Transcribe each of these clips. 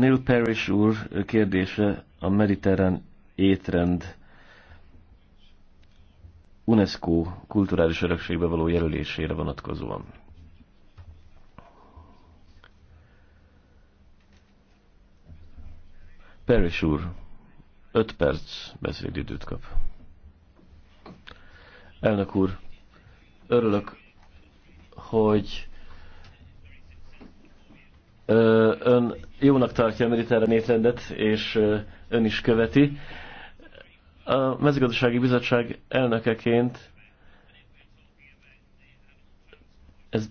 Neil Parrish úr kérdése a mediterrán étrend UNESCO kulturális örökségbe való jelölésére vonatkozóan. Parrish úr, 5 perc beszédidőt kap. Elnök úr, örülök, hogy Ön jónak tartja a mediterrán étrendet, és ön is követi. A mezőgazdasági bizottság elnökeként ez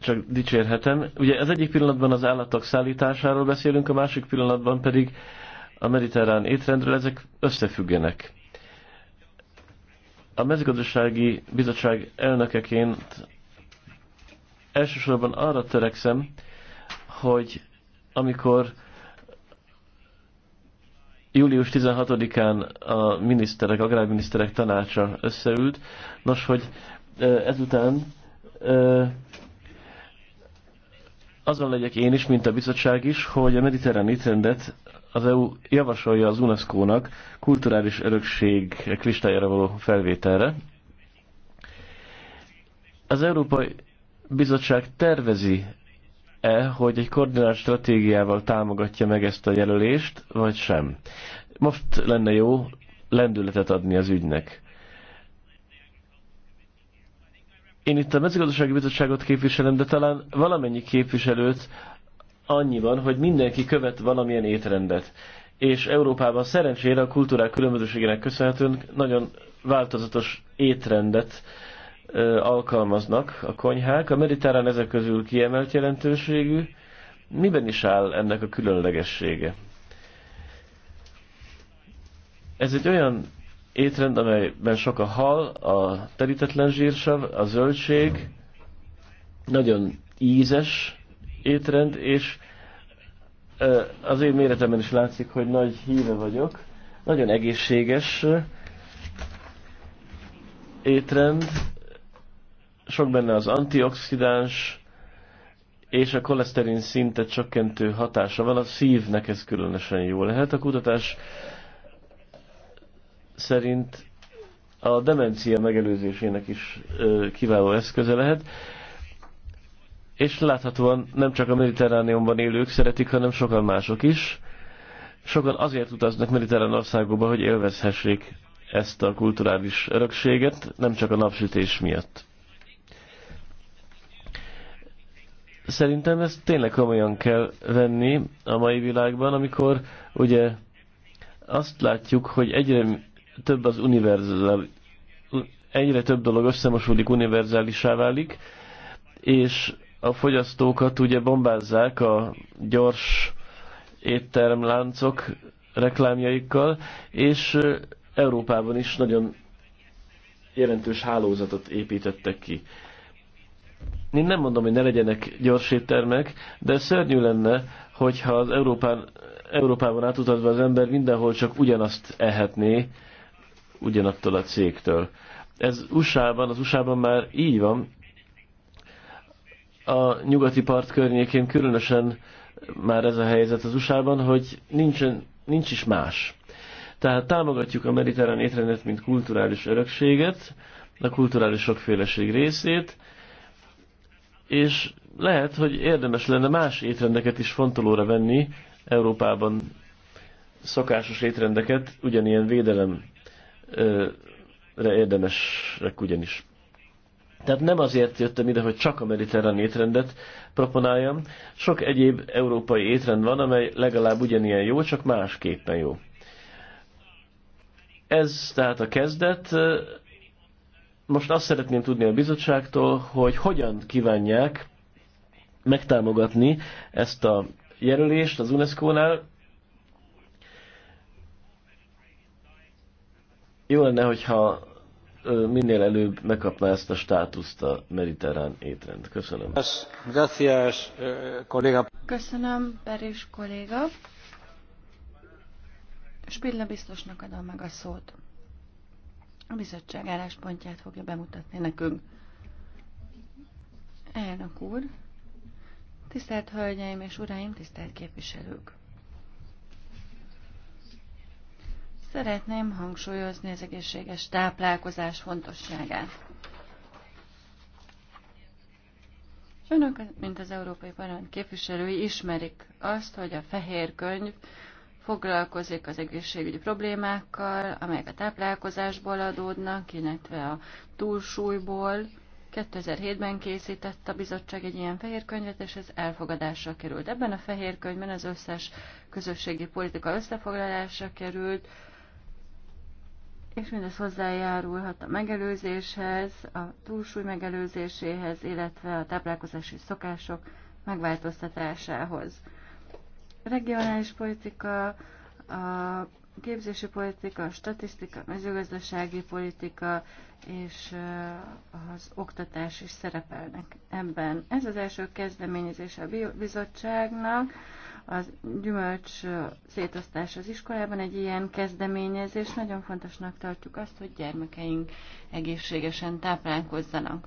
csak dicsérhetem. Ugye az egyik pillanatban az állatok szállításáról beszélünk, a másik pillanatban pedig a mediterrán étrendről, ezek összefüggenek. A mezőgazdasági bizottság elnökeként elsősorban arra törekszem, hogy amikor július 16-án a miniszterek, agrárminiszterek tanácsa összeült, nos, hogy ezután azon legyek én is, mint a bizottság is, hogy a mediterrán étrendet az EU javasolja az UNESCO-nak kulturális örökség listájára való felvételre. Az Európai Bizottság tervezi -e, hogy egy koordinált stratégiával támogatja meg ezt a jelölést, vagy sem. Most lenne jó lendületet adni az ügynek. Én itt a mezőgazdasági bizottságot képviselem, de talán valamennyi képviselőt annyiban, hogy mindenki követ valamilyen étrendet. És Európában szerencsére a kultúrák különbözőségének köszönhetően nagyon változatos étrendet alkalmaznak a konyhák. A mediterrán ezek közül kiemelt jelentőségű. Miben is áll ennek a különlegessége? Ez egy olyan étrend, amelyben sok a hal, a terítetlen zsírsav, a zöldség, nagyon ízes étrend, és az én méretemben is látszik, hogy nagy híve vagyok. Nagyon egészséges étrend, sok benne az antioxidáns és a koleszterin szintet csökkentő hatása van. A szívnek ez különösen jó lehet. A kutatás szerint a demencia megelőzésének is kiváló eszköze lehet. És láthatóan nem csak a mediterrániumban élők szeretik, hanem sokan mások is. Sokan azért utaznak mediterrán országokba, hogy élvezhessék ezt a kulturális örökséget, nem csak a napsütés miatt. Szerintem ezt tényleg komolyan kell venni a mai világban, amikor ugye azt látjuk, hogy egyre több az univerzál, egyre több dolog összemosódik, univerzálisá válik, és a fogyasztókat ugye bombázzák a gyors étteremláncok reklámjaikkal, és Európában is nagyon jelentős hálózatot építettek ki. Én nem mondom, hogy ne legyenek gyors éttermek, de szörnyű lenne, hogyha az Európán, Európában átutazva az ember mindenhol csak ugyanazt ehetné, ugyanattól a cégtől. Ez USA-ban, az USA-ban már így van. A nyugati part környékén különösen már ez a helyzet az USA-ban, hogy nincsen, nincs is más. Tehát támogatjuk a mediterrán étrendet, mint kulturális örökséget, a kulturális sokféleség részét, és lehet, hogy érdemes lenne más étrendeket is fontolóra venni Európában szokásos étrendeket, ugyanilyen védelemre érdemesek ugyanis. Tehát nem azért jöttem ide, hogy csak a mediterrán étrendet proponáljam. Sok egyéb európai étrend van, amely legalább ugyanilyen jó, csak másképpen jó. Ez tehát a kezdet, most azt szeretném tudni a bizottságtól, hogy hogyan kívánják megtámogatni ezt a jelölést az UNESCO-nál. Jó lenne, hogyha minél előbb megkapná ezt a státuszt a mediterrán étrend. Köszönöm. Eh, Köszönöm, Peris kolléga. Spilla biztosnak adom meg a szót a bizottság álláspontját fogja bemutatni nekünk. Elnök úr, tisztelt Hölgyeim és Uraim, tisztelt képviselők! Szeretném hangsúlyozni az egészséges táplálkozás fontosságát. Önök, mint az Európai Parlament képviselői ismerik azt, hogy a fehér könyv foglalkozik az egészségügyi problémákkal, amelyek a táplálkozásból adódnak, illetve a túlsúlyból. 2007-ben készített a bizottság egy ilyen fehérkönyvet, és ez elfogadásra került. Ebben a fehérkönyvben az összes közösségi politika összefoglalásra került, és mindez hozzájárulhat a megelőzéshez, a túlsúly megelőzéséhez, illetve a táplálkozási szokások megváltoztatásához regionális politika, a képzési politika, a statisztika, a mezőgazdasági politika és az oktatás is szerepelnek ebben. Ez az első kezdeményezés a bizottságnak, az gyümölcs szétosztás az iskolában egy ilyen kezdeményezés. Nagyon fontosnak tartjuk azt, hogy gyermekeink egészségesen táplálkozzanak.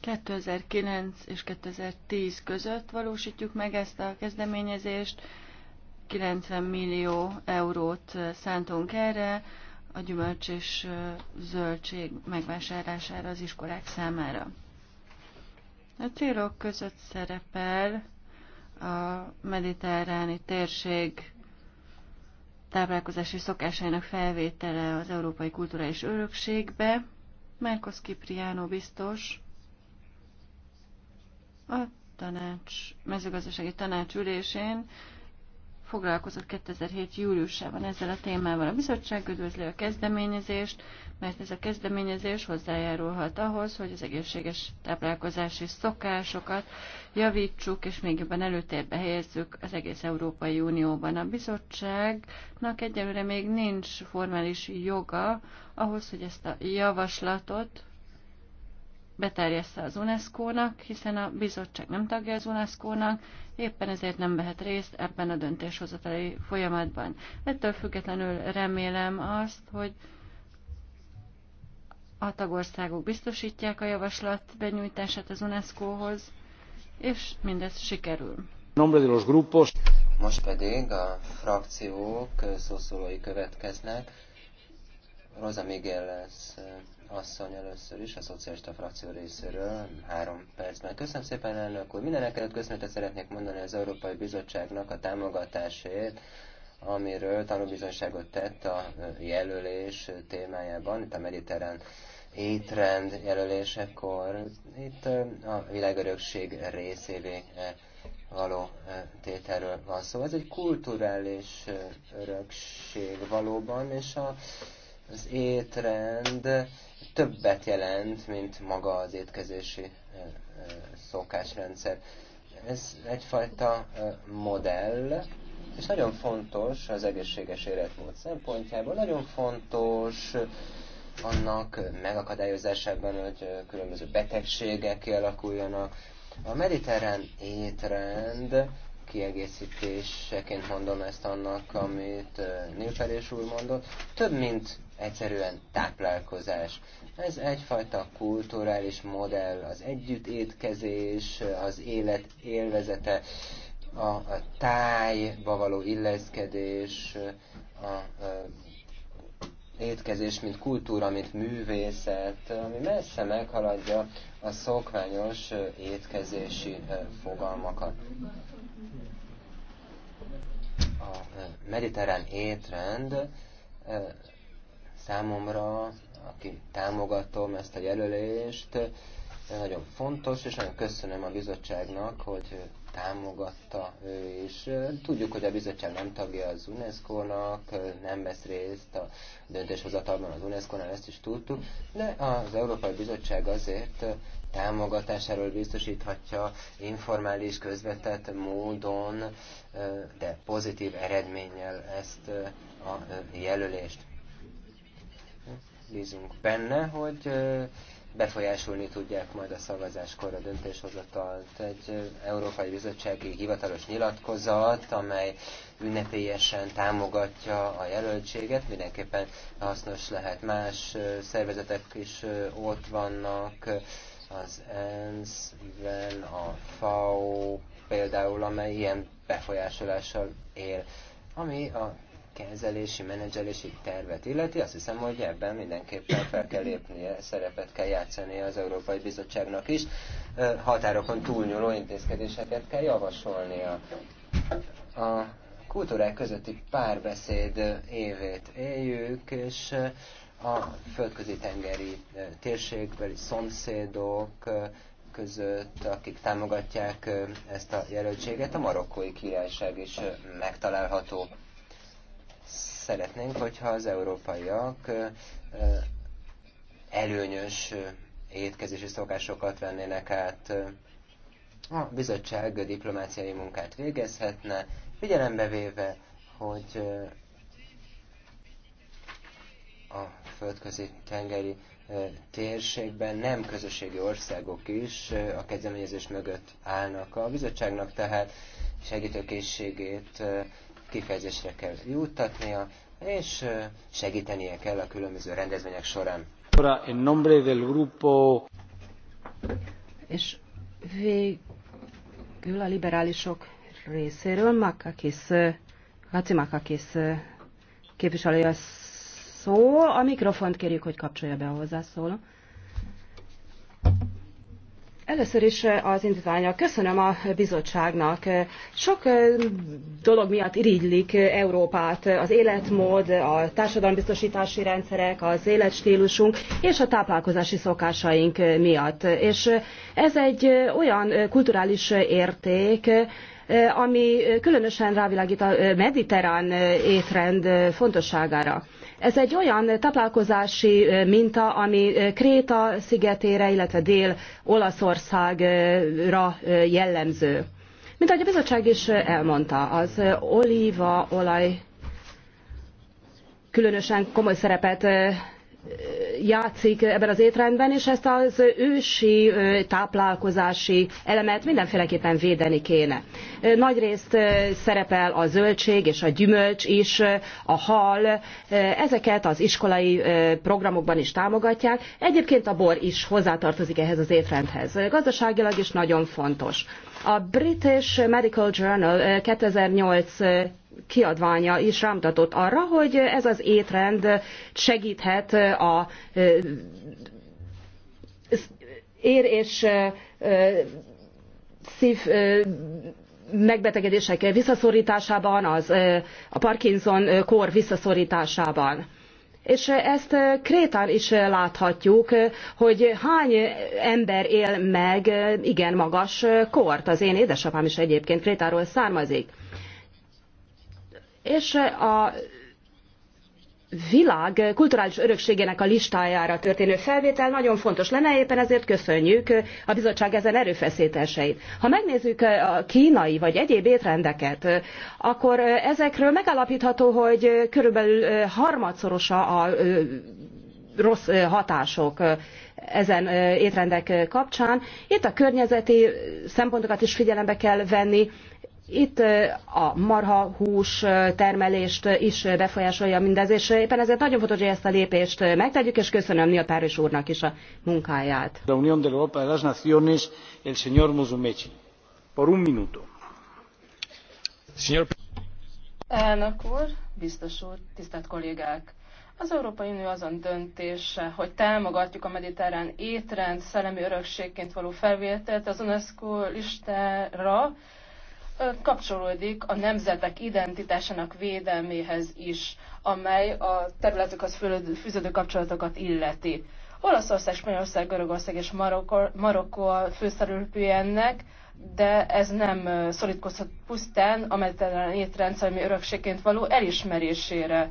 2009 és 2010 között valósítjuk meg ezt a kezdeményezést. 90 millió eurót szántunk erre a gyümölcs és zöldség megvásárlására az iskolák számára. A célok között szerepel a mediterráni térség táplálkozási szokásainak felvétele az Európai Kulturális Örökségbe. Márkosz Kipriánó biztos, a tanács, mezőgazdasági tanács ülésén foglalkozott 2007. júliusában ezzel a témával. A bizottság üdvözli a kezdeményezést, mert ez a kezdeményezés hozzájárulhat ahhoz, hogy az egészséges táplálkozási szokásokat javítsuk, és még jobban előtérbe helyezzük az egész Európai Unióban. A bizottságnak egyelőre még nincs formális joga ahhoz, hogy ezt a javaslatot beterjeszte az UNESCO-nak, hiszen a bizottság nem tagja az UNESCO-nak, éppen ezért nem vehet részt ebben a döntéshozatali folyamatban. Ettől függetlenül remélem azt, hogy a tagországok biztosítják a javaslat benyújtását az UNESCO-hoz, és mindez sikerül. Most pedig a frakciók szószólói következnek. Rosa Miguel lesz asszony először is, a szocialista frakció részéről, három percben. Köszönöm szépen, elnök úr. Mindenek előtt köszönetet szeretnék mondani az Európai Bizottságnak a támogatásért, amiről tanúbizonyságot tett a jelölés témájában, itt a mediterrán étrend jelölésekor, itt a világörökség részévé való tételről van szó. Ez egy kulturális örökség valóban, és a étrend többet jelent, mint maga az étkezési szokásrendszer. Ez egyfajta modell, és nagyon fontos az egészséges életmód szempontjából, nagyon fontos annak megakadályozásában, hogy különböző betegségek kialakuljanak. A mediterrán étrend kiegészítéseként mondom ezt annak, amit Nilferés úr mondott, több mint egyszerűen táplálkozás. Ez egyfajta kulturális modell, az együttétkezés, az élet élvezete, a, a tájba való illeszkedés, a, a étkezés, mint kultúra, mint művészet, ami messze meghaladja a szokványos étkezési fogalmakat. A mediterrán étrend számomra, aki támogatom ezt a jelölést, nagyon fontos, és nagyon köszönöm a bizottságnak, hogy támogatta ő is. Tudjuk, hogy a bizottság nem tagja az UNESCO-nak, nem vesz részt a döntéshozatalban az UNESCO-nál, ezt is tudtuk, de az Európai Bizottság azért támogatásáról biztosíthatja informális, közvetett módon, de pozitív eredménnyel ezt a jelölést bízunk benne, hogy befolyásolni tudják majd a szavazáskor a döntéshozatalt. Egy Európai Bizottsági Hivatalos nyilatkozat, amely ünnepélyesen támogatja a jelöltséget, mindenképpen hasznos lehet. Más szervezetek is ott vannak, az ensz a FAO például, amely ilyen befolyásolással él. Ami a kezelési, menedzselési tervet illeti, azt hiszem, hogy ebben mindenképpen fel kell lépnie, szerepet kell játszani az Európai Bizottságnak is. Határokon túlnyúló intézkedéseket kell javasolnia. A kultúrák közötti párbeszéd évét éljük, és a földközi tengeri térségbeli szomszédok között, akik támogatják ezt a jelöltséget, a marokkói királyság is megtalálható szeretnénk, hogyha az európaiak előnyös étkezési szokásokat vennének át. A bizottság diplomáciai munkát végezhetne, figyelembe véve, hogy a földközi tengeri térségben nem közösségi országok is a kezdeményezés mögött állnak. A bizottságnak tehát segítőkészségét kifejezésre kell juttatnia, és segítenie kell a különböző rendezvények során. En nombre del grupo... És végül a liberálisok részéről Makakis, Laci Makakis képviselője szó. A mikrofont kérjük, hogy kapcsolja be a hozzászóló. Először is eh, az indítványa. Köszönöm a bizottságnak. Eh, sok eh, dolog miatt irigylik Európát, az életmód, a társadalombiztosítási rendszerek, az életstílusunk és a táplálkozási szokásaink miatt. És ez egy olyan kulturális érték, ami különösen rávilágít a mediterrán étrend fontosságára. Ez egy olyan táplálkozási minta, ami Kréta szigetére, illetve Dél-Olaszországra jellemző. Mint ahogy a bizottság is elmondta, az olívaolaj különösen komoly szerepet játszik ebben az étrendben, és ezt az ősi táplálkozási elemet mindenféleképpen védeni kéne. Nagyrészt szerepel a zöldség és a gyümölcs is, a hal, ezeket az iskolai programokban is támogatják. Egyébként a bor is hozzátartozik ehhez az étrendhez. Gazdaságilag is nagyon fontos. A British Medical Journal 2008 eh, eh, kiadványa is rámutatott arra, hogy ez az étrend segíthet eh, a ér és szív megbetegedések visszaszorításában, az, a Parkinson kór visszaszorításában. És ezt eh, Krétán is eh, láthatjuk, eh, hogy hány ember él meg igen magas kort. Az én édesapám is egyébként Krétáról származik. És a világ kulturális örökségének a listájára történő felvétel nagyon fontos lenne, éppen ezért köszönjük a bizottság ezen erőfeszítéseit. Ha megnézzük a kínai vagy egyéb étrendeket, akkor ezekről megállapítható, hogy körülbelül harmadszorosa a rossz hatások ezen étrendek kapcsán. Itt a környezeti szempontokat is figyelembe kell venni, itt a marha hús termelést is befolyásolja mindez, és éppen ezért nagyon fontos, hogy ezt a lépést megtegyük, és köszönöm a Párizs úrnak is a munkáját. A Unión de Europa de las Naciones, el señor Musumeci. Por un minuto. Señor... Elnök úr, biztos úr, tisztelt kollégák! Az Európai Unió azon döntése, hogy támogatjuk a mediterrán étrend szellemi örökségként való felvételt az UNESCO listára, kapcsolódik a nemzetek identitásának védelméhez is, amely a területekhöz fűződő kapcsolatokat illeti. Olaszország, Spanyolország, Görögország és Marokko, Marokko a főszereplője ennek, de ez nem szorítkozhat pusztán a mediterrán ami örökségként való elismerésére.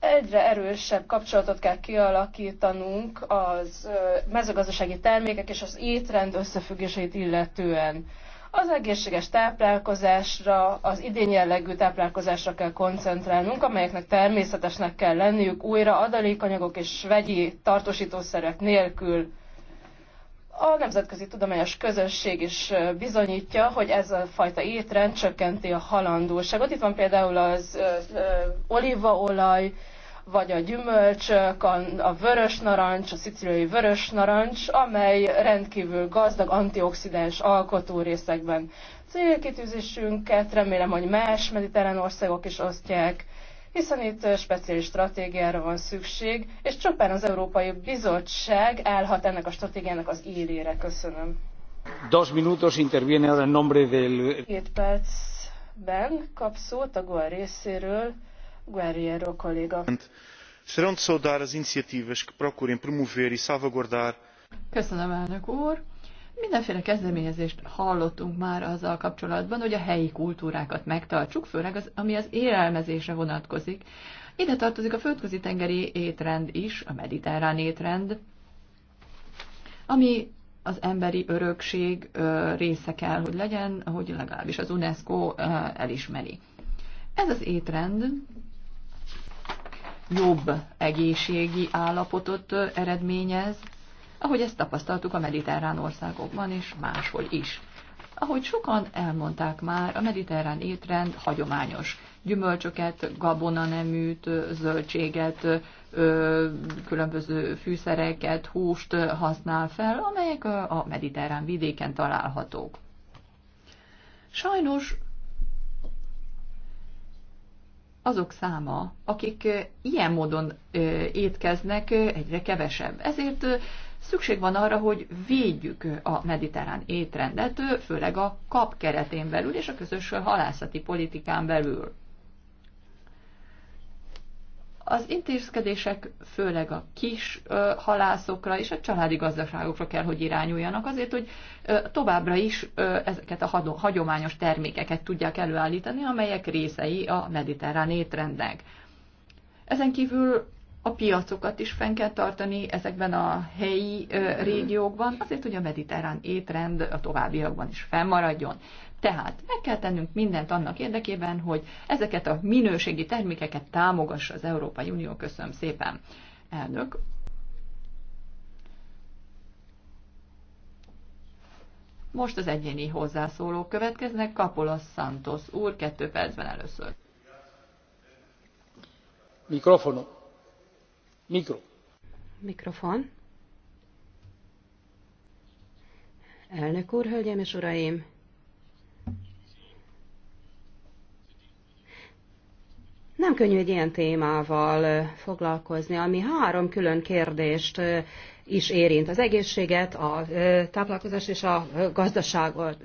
Egyre erősebb kapcsolatot kell kialakítanunk az mezőgazdasági termékek és az étrend összefüggéseit illetően. Az egészséges táplálkozásra, az idényjellegű táplálkozásra kell koncentrálnunk, amelyeknek természetesnek kell lenniük újra adalékanyagok és vegyi tartósítószerek nélkül. A nemzetközi tudományos közösség is bizonyítja, hogy ez a fajta étrend csökkenti a halandóságot. Itt van például az olívaolaj, vagy a gyümölcsök, a, a vörös narancs, a szicíliai vörös narancs, amely rendkívül gazdag antioxidáns alkotó részekben. Célkitűzésünket remélem, hogy más mediterrán országok is osztják, hiszen itt speciális stratégiára van szükség, és csupán az Európai Bizottság állhat ennek a stratégiának az élére. Köszönöm. Dos minutos interviene ahora en nombre del... Két percben kap szót a GOL részéről. Guerreiro kolléga. Serão de saudar que procurem promover e salvaguardar. Köszönöm, elnök úr. Mindenféle kezdeményezést hallottunk már azzal kapcsolatban, hogy a helyi kultúrákat megtartsuk, főleg az, ami az élelmezésre vonatkozik. Ide tartozik a földközi tengeri étrend is, a mediterrán étrend, ami az emberi örökség része kell, hogy legyen, ahogy legalábbis az UNESCO elismeri. Ez az étrend jobb egészségi állapotot eredményez, ahogy ezt tapasztaltuk a mediterrán országokban és máshol is. Ahogy sokan elmondták már, a mediterrán étrend hagyományos. Gyümölcsöket, gabonaneműt, zöldséget, különböző fűszereket, húst használ fel, amelyek a mediterrán vidéken találhatók. Sajnos azok száma, akik ilyen módon étkeznek, egyre kevesebb. Ezért szükség van arra, hogy védjük a mediterrán étrendet, főleg a kap keretén belül és a közös halászati politikán belül. Az intézkedések főleg a kis ö, halászokra és a családi gazdaságokra kell, hogy irányuljanak, azért, hogy ö, továbbra is ö, ezeket a hagyományos termékeket tudják előállítani, amelyek részei a mediterrán étrendnek. Ezen kívül a piacokat is fenn kell tartani ezekben a helyi ö, régiókban, azért, hogy a mediterrán étrend a továbbiakban is fennmaradjon. Tehát meg kell tennünk mindent annak érdekében, hogy ezeket a minőségi termékeket támogassa az Európai Unió. Köszönöm szépen, elnök. Most az egyéni hozzászólók következnek. Kapola Santos úr, kettő percben először. Mikrofon. Mikro. Mikrofon. Elnök úr, hölgyeim és uraim! Nem könnyű egy ilyen témával foglalkozni, ami három külön kérdést is érint. Az egészséget, a táplálkozás és a gazdaságot.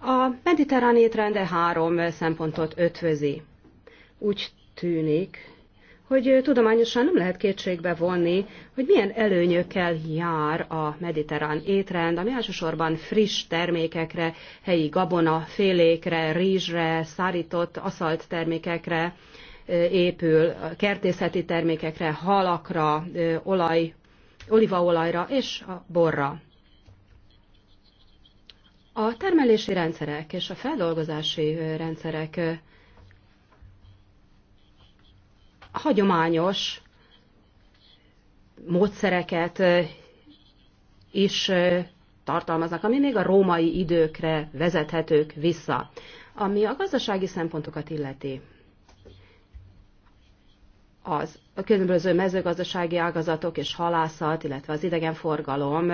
A mediterrán étrende három szempontot ötvözi. Úgy tűnik, hogy tudományosan nem lehet kétségbe vonni, hogy milyen előnyökkel jár a mediterrán étrend, ami elsősorban friss termékekre, helyi gabona, félékre, rizsre, szárított, aszalt termékekre épül, kertészeti termékekre, halakra, olaj, olivaolajra és a borra. A termelési rendszerek és a feldolgozási rendszerek hagyományos módszereket is tartalmaznak, ami még a római időkre vezethetők vissza, ami a gazdasági szempontokat illeti az a különböző mezőgazdasági ágazatok és halászat, illetve az idegenforgalom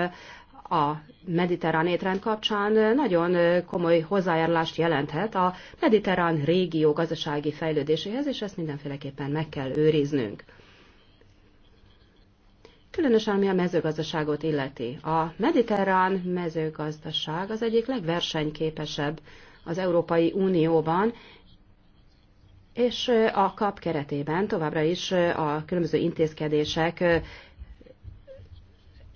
a mediterrán étrend kapcsán nagyon komoly hozzájárulást jelenthet a mediterrán régió gazdasági fejlődéséhez, és ezt mindenféleképpen meg kell őriznünk. Különösen ami a mezőgazdaságot illeti. A mediterrán mezőgazdaság az egyik legversenyképesebb az Európai Unióban, és a kap keretében továbbra is a különböző intézkedések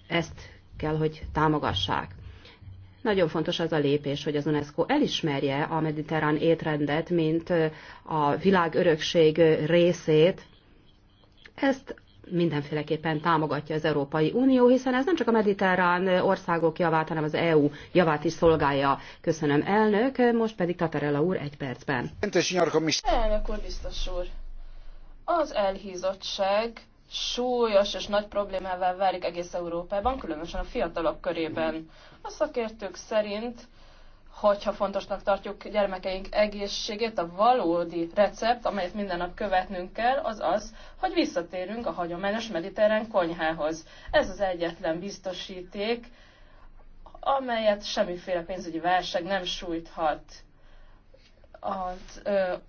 ezt kell, hogy támogassák. Nagyon fontos az a lépés, hogy az UNESCO elismerje a mediterrán étrendet, mint a világörökség részét. Ezt mindenféleképpen támogatja az Európai Unió, hiszen ez nem csak a mediterrán országok javát, hanem az EU javát is szolgálja. Köszönöm, elnök. Most pedig Tatarella úr egy percben. Elnök úr, biztos úr. Az elhízottság súlyos és nagy problémává válik egész Európában, különösen a fiatalok körében. A szakértők szerint hogyha fontosnak tartjuk gyermekeink egészségét, a valódi recept, amelyet minden nap követnünk kell, az az, hogy visszatérünk a hagyományos mediterrán konyhához. Ez az egyetlen biztosíték, amelyet semmiféle pénzügyi válság nem sújthat. A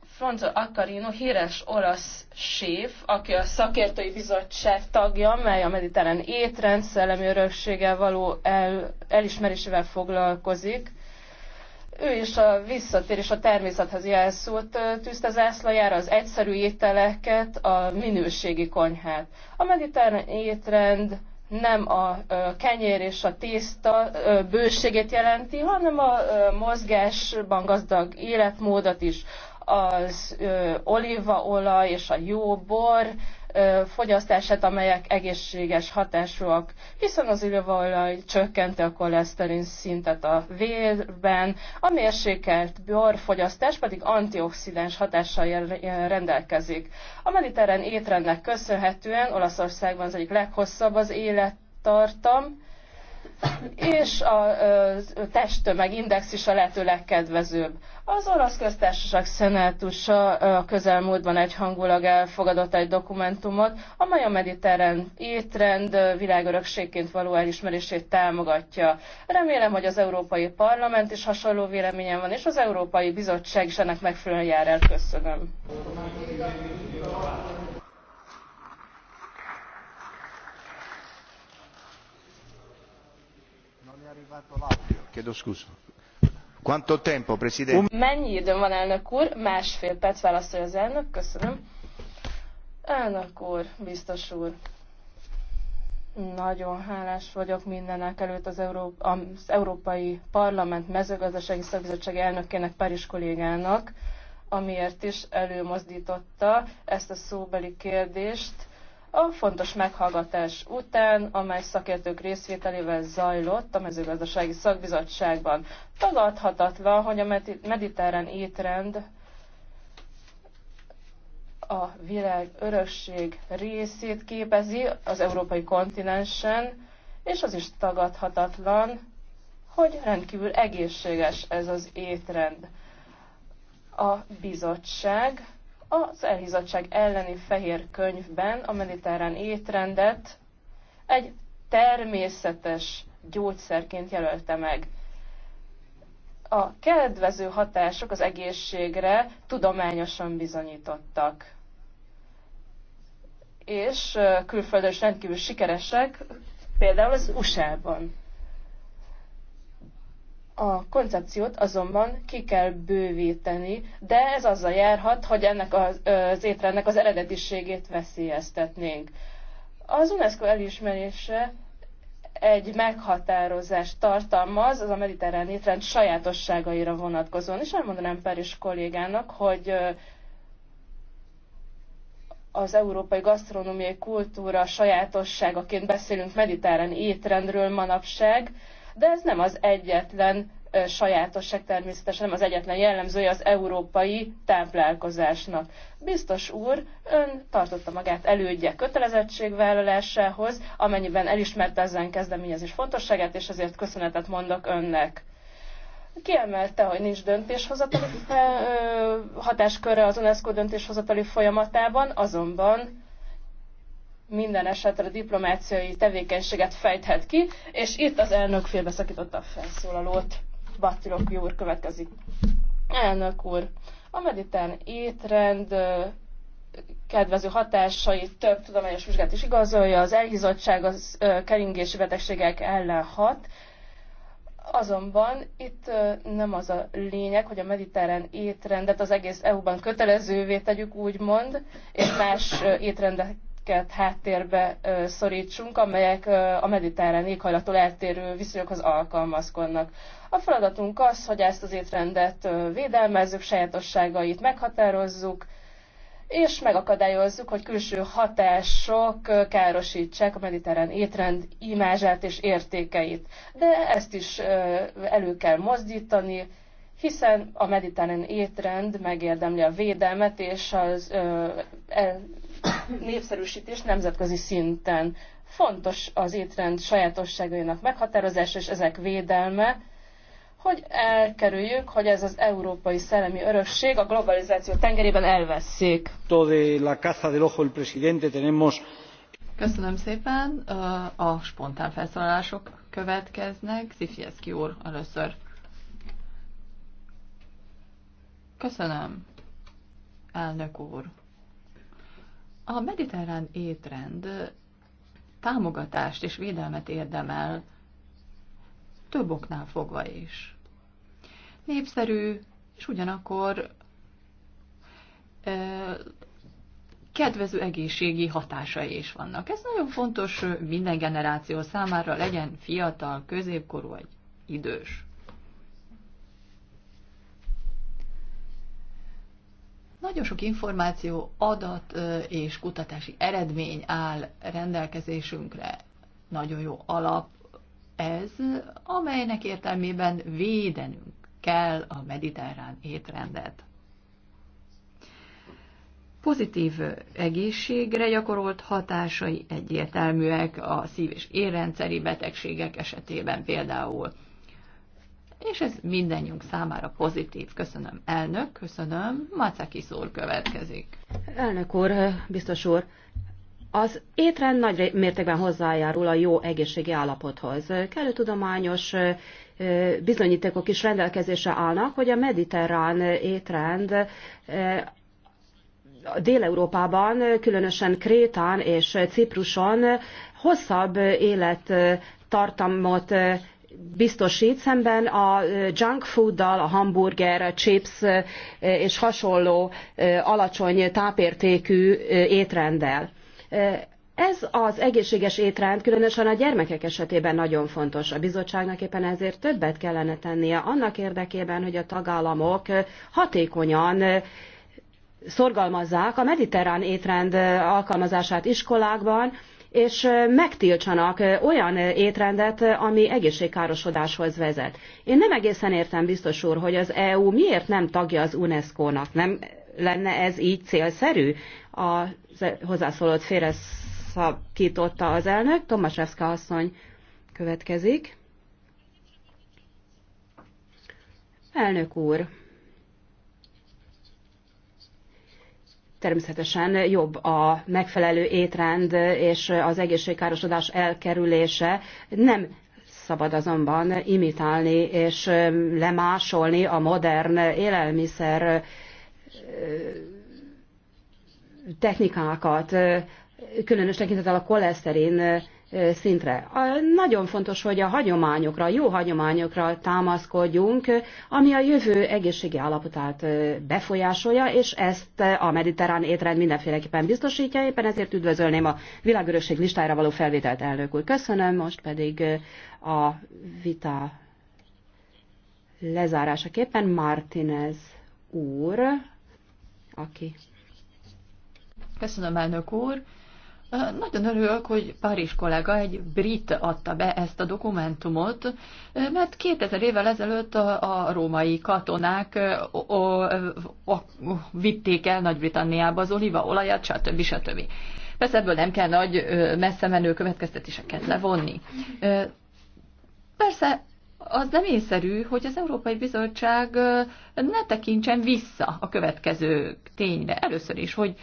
Franco Accarino híres olasz séf, aki a szakértői bizottság tagja, mely a mediterrán étrend szellemi örökséggel való el, elismerésével foglalkozik, ő is a visszatérés a természethez jelszót tűzte zászlajára, az egyszerű ételeket, a minőségi konyhát. A mediterrán étrend nem a kenyér és a tészta bőségét jelenti, hanem a mozgásban gazdag életmódot is. Az olívaolaj és a jó bor fogyasztását, amelyek egészséges hatásúak. Hiszen az olaj csökkenti a koleszterin szintet a vérben, a mérsékelt borfogyasztás pedig antioxidáns hatással rendelkezik. A mediterrán étrendnek köszönhetően Olaszországban az egyik leghosszabb az élettartam, és a, a testtömegindex is a lehető legkedvezőbb. Az orosz köztársaság szenátusa a közelmúltban egyhangulag elfogadott egy dokumentumot, amely a mediterrán étrend világörökségként való elismerését támogatja. Remélem, hogy az Európai Parlament is hasonló véleményen van, és az Európai Bizottság is ennek megfelelően jár el. Köszönöm. Um- Mennyi időm van, elnök úr? Másfél perc válaszolja az elnök, köszönöm. Elnök úr, biztos úr. Nagyon hálás vagyok mindenek előtt az, Európa, az Európai Parlament mezőgazdasági szakbizottság elnökének, Párizs kollégának, amiért is előmozdította ezt a szóbeli kérdést, a fontos meghallgatás után, amely szakértők részvételével zajlott a mezőgazdasági szakbizottságban, tagadhatatlan, hogy a mediterrán étrend a világ örökség részét képezi az európai kontinensen, és az is tagadhatatlan, hogy rendkívül egészséges ez az étrend. A bizottság az elhízottság elleni fehér könyvben a mediterrán étrendet egy természetes gyógyszerként jelölte meg. A kedvező hatások az egészségre tudományosan bizonyítottak és külföldön is rendkívül sikeresek, például az USA-ban. A koncepciót azonban ki kell bővíteni, de ez azzal járhat, hogy ennek az, az étrendnek az eredetiségét veszélyeztetnénk. Az UNESCO elismerése egy meghatározást tartalmaz az a mediterrán étrend sajátosságaira vonatkozóan. És elmondanám Peris kollégának, hogy az európai gasztronómiai kultúra sajátosságaként beszélünk mediterrán étrendről manapság, de ez nem az egyetlen sajátosság természetesen nem az egyetlen jellemzője az európai táplálkozásnak. Biztos úr, ön tartotta magát elődje kötelezettségvállalásához, amennyiben elismerte ezen kezdeményezés fontosságát, és ezért köszönetet mondok önnek. Kiemelte, hogy nincs döntéshozatali hatásköre az UNESCO döntéshozatali folyamatában, azonban minden esetre diplomáciai tevékenységet fejthet ki, és itt az elnök félbeszakította a felszólalót. Battilok úr következik. Elnök úr, a mediterrán étrend kedvező hatásai több tudományos vizsgát is igazolja, az elhízottság az keringési betegségek ellen hat, Azonban itt nem az a lényeg, hogy a mediterrán étrendet az egész EU-ban kötelezővé tegyük, úgymond, és más étrendek ezeket háttérbe szorítsunk, amelyek a mediterrán éghajlattól eltérő viszonyokhoz alkalmazkodnak. A feladatunk az, hogy ezt az étrendet védelmezzük, sajátosságait meghatározzuk, és megakadályozzuk, hogy külső hatások károsítsák a mediterrán étrend imázsát és értékeit. De ezt is elő kell mozdítani, hiszen a mediterrán étrend megérdemli a védelmet és az el, népszerűsítés nemzetközi szinten. Fontos az étrend sajátosságainak meghatározása és ezek védelme, hogy elkerüljük, hogy ez az európai szellemi örökség a globalizáció tengerében elveszik. Köszönöm szépen. A spontán felszólalások következnek. Szifjeszki úr először. Köszönöm, elnök úr. A mediterrán étrend támogatást és védelmet érdemel, több oknál fogva is. Népszerű, és ugyanakkor e, kedvező egészségi hatásai is vannak. Ez nagyon fontos minden generáció számára, legyen fiatal, középkorú vagy idős. Nagyon sok információ, adat és kutatási eredmény áll rendelkezésünkre. Nagyon jó alap ez, amelynek értelmében védenünk kell a mediterrán étrendet. Pozitív egészségre gyakorolt hatásai egyértelműek a szív- és érrendszeri betegségek esetében például és ez mindannyiunk számára pozitív. Köszönöm, elnök, köszönöm. Macaki szór következik. Elnök úr, biztos úr, az étrend nagy mértékben hozzájárul a jó egészségi állapothoz. Kellő tudományos bizonyítékok is rendelkezésre állnak, hogy a mediterrán étrend Dél-Európában, különösen Krétán és Cipruson hosszabb élettartamot biztosít szemben a junk fooddal, a hamburger, a chips és hasonló alacsony tápértékű étrenddel. Ez az egészséges étrend különösen a gyermekek esetében nagyon fontos. A bizottságnak éppen ezért többet kellene tennie annak érdekében, hogy a tagállamok hatékonyan szorgalmazzák a mediterrán étrend alkalmazását iskolákban, és megtiltsanak olyan étrendet, ami egészségkárosodáshoz vezet. Én nem egészen értem biztos úr, hogy az EU miért nem tagja az UNESCO-nak. Nem lenne ez így célszerű? A hozzászólót félre szakította az elnök. Tomaszewska asszony következik. Elnök úr, természetesen jobb a megfelelő étrend és az egészségkárosodás elkerülése. Nem szabad azonban imitálni és lemásolni a modern élelmiszer technikákat, különös tekintetel a koleszterin szintre. Nagyon fontos, hogy a hagyományokra, jó hagyományokra támaszkodjunk, ami a jövő egészségi állapotát befolyásolja, és ezt a mediterrán étrend mindenféleképpen biztosítja. Éppen ezért üdvözölném a világörökség listájára való felvételt, elnök úr. Köszönöm, most pedig a vita lezárásaképpen Martinez úr, aki. Köszönöm, elnök úr. Nagyon örülök, hogy Párizs kollega, egy brit adta be ezt a dokumentumot, mert 2000 évvel ezelőtt a, a római katonák o, o, o, vitték el Nagy-Britanniába az olívaolajat, stb. stb. Persze ebből nem kell nagy messze menő következtetéseket levonni. Persze az nem észszerű, hogy az Európai Bizottság ne tekintsen vissza a következő tényre. Először is, hogy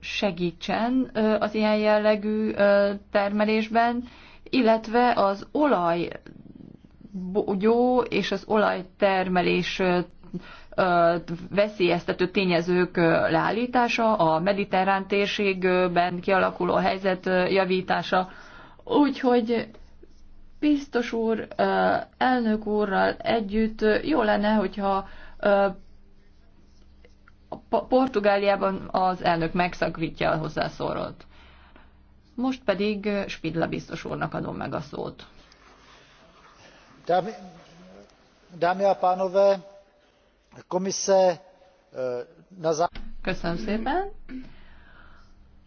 segítsen az ilyen jellegű termelésben, illetve az olajbogyó és az olajtermelés veszélyeztető tényezők leállítása, a mediterrán térségben kialakuló helyzet javítása. Úgyhogy biztos úr, elnök úrral együtt jó lenne, hogyha Portugáliában az elnök megszakítja a hozzászólót. Most pedig Spidla biztos úrnak adom meg a szót. Dámy, dámy a pánové, komisze, na Köszönöm szépen.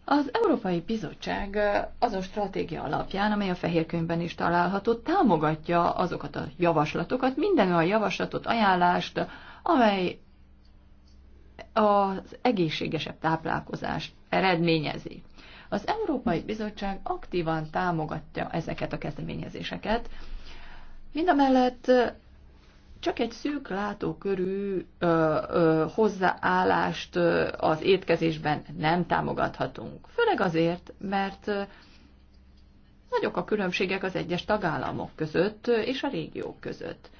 Az Európai Bizottság azon stratégia alapján, amely a fehér könyvben is található, támogatja azokat a javaslatokat, minden olyan javaslatot, ajánlást, amely az egészségesebb táplálkozást eredményezi. Az Európai Bizottság aktívan támogatja ezeket a kezdeményezéseket, mind a mellett csak egy szűk látókörű ö, ö, hozzáállást ö, az étkezésben nem támogathatunk. Főleg azért, mert ö, nagyok a különbségek az egyes tagállamok között ö, és a régiók között.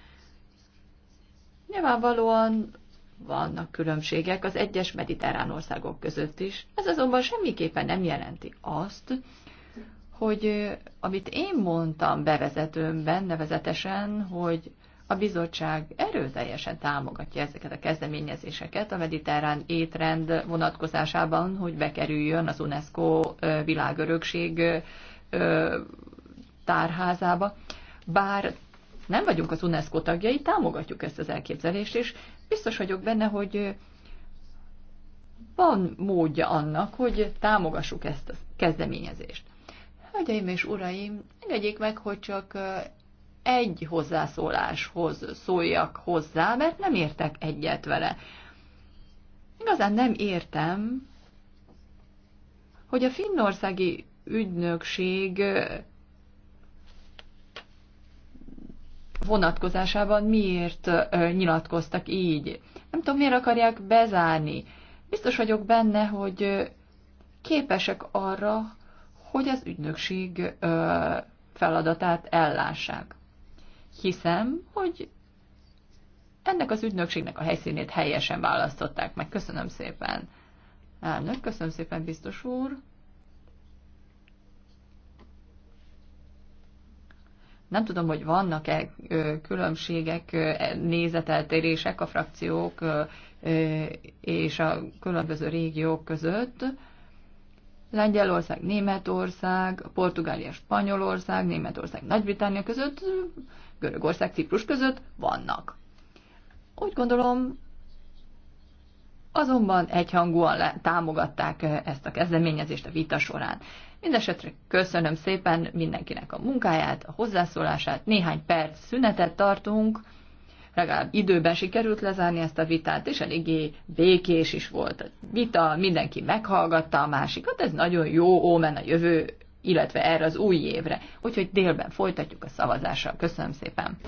Nyilvánvalóan vannak különbségek az egyes mediterrán országok között is. Ez azonban semmiképpen nem jelenti azt, hogy amit én mondtam bevezetőmben nevezetesen, hogy a bizottság erőteljesen támogatja ezeket a kezdeményezéseket a mediterrán étrend vonatkozásában, hogy bekerüljön az UNESCO világörökség tárházába. Bár nem vagyunk az UNESCO tagjai, támogatjuk ezt az elképzelést, és biztos vagyok benne, hogy van módja annak, hogy támogassuk ezt a kezdeményezést. Hölgyeim és uraim, engedjék meg, hogy csak egy hozzászóláshoz szóljak hozzá, mert nem értek egyet vele. Igazán nem értem, hogy a finnországi ügynökség vonatkozásában miért nyilatkoztak így. Nem tudom, miért akarják bezárni. Biztos vagyok benne, hogy képesek arra, hogy az ügynökség feladatát ellássák hiszem, hogy ennek az ügynökségnek a helyszínét helyesen választották meg. Köszönöm szépen. Elnök, köszönöm szépen, biztos úr. Nem tudom, hogy vannak-e különbségek, e, nézeteltérések a frakciók és a különböző régiók között. Lengyelország, Németország, Portugália, Spanyolország, Németország, Nagy-Britannia között Görögország Ciprus között vannak. Úgy gondolom, azonban egyhangúan le, támogatták eh, ezt a kezdeményezést a vita során. Mindenesetre köszönöm szépen mindenkinek a munkáját, a hozzászólását, néhány perc szünetet tartunk, legalább időben sikerült lezárni ezt a vitát, és eléggé békés is volt a vita, mindenki meghallgatta a másikat, ez nagyon jó ómen a jövő illetve erre az új évre. Úgyhogy délben folytatjuk a szavazással. Köszönöm szépen!